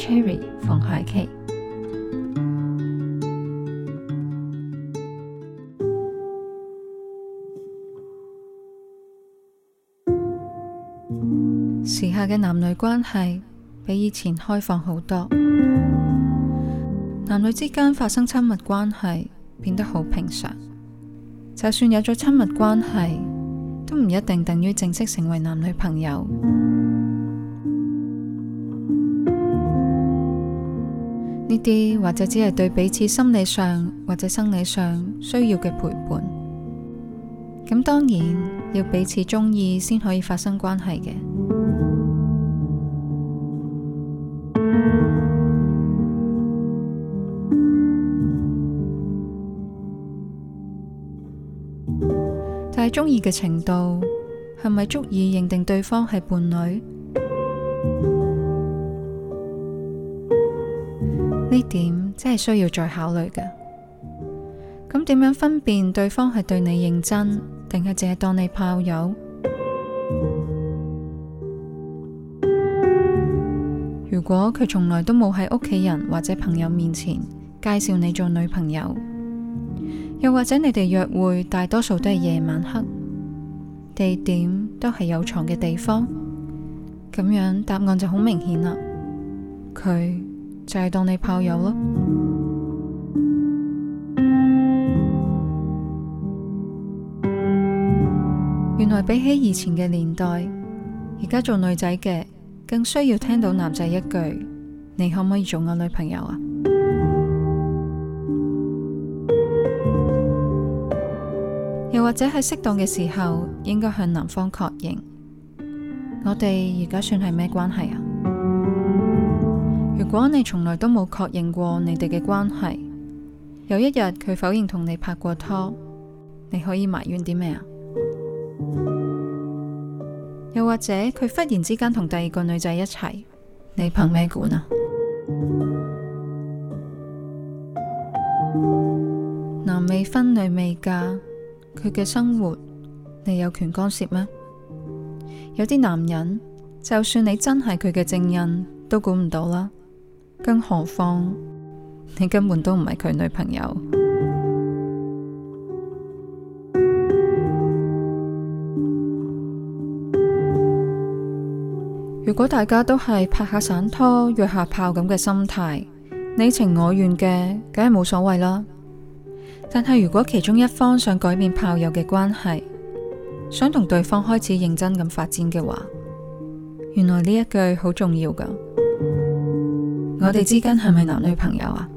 Cherry 馮凱淇，時下嘅男女關係比以前開放好多，男女之間發生親密關係變得好平常，就算有咗親密關係，都唔一定等於正式成為男女朋友。呢啲或者只係對彼此心理上或者生理上需要嘅陪伴，咁當然要彼此中意先可以發生關係嘅。但係中意嘅程度係咪足以認定對方係伴侶？呢點真係需要再考慮嘅。咁點樣分辨對方係對你認真，定係淨係當你炮友？如果佢從來都冇喺屋企人或者朋友面前介紹你做女朋友，又或者你哋約會大多數都係夜晚黑，地點都係有床嘅地方，咁樣答案就好明顯啦。佢。就係當你炮友咯。原來比起以前嘅年代，而家做女仔嘅更需要聽到男仔一句：你可唔可以做我女朋友啊？又或者喺適當嘅時候，應該向男方確認，我哋而家算係咩關係啊？如果你從來都冇確認過你哋嘅關係，有一日佢否認同你拍過拖，你可以埋怨啲咩啊？又或者佢忽然之間同第二個女仔一齊，你憑咩管啊？男未婚女未嫁，佢嘅生活你有權干涉咩？有啲男人就算你真係佢嘅正印，都管唔到啦。更何況你根本都唔係佢女朋友。 如果大家都係拍下散拖、約下炮咁嘅心態，你情我願嘅，梗係冇所謂啦。但係如果其中一方想改變炮友嘅關係，想同對方開始認真咁發展嘅話，原來呢一句好重要㗎。我哋之間，係咪男女朋友啊？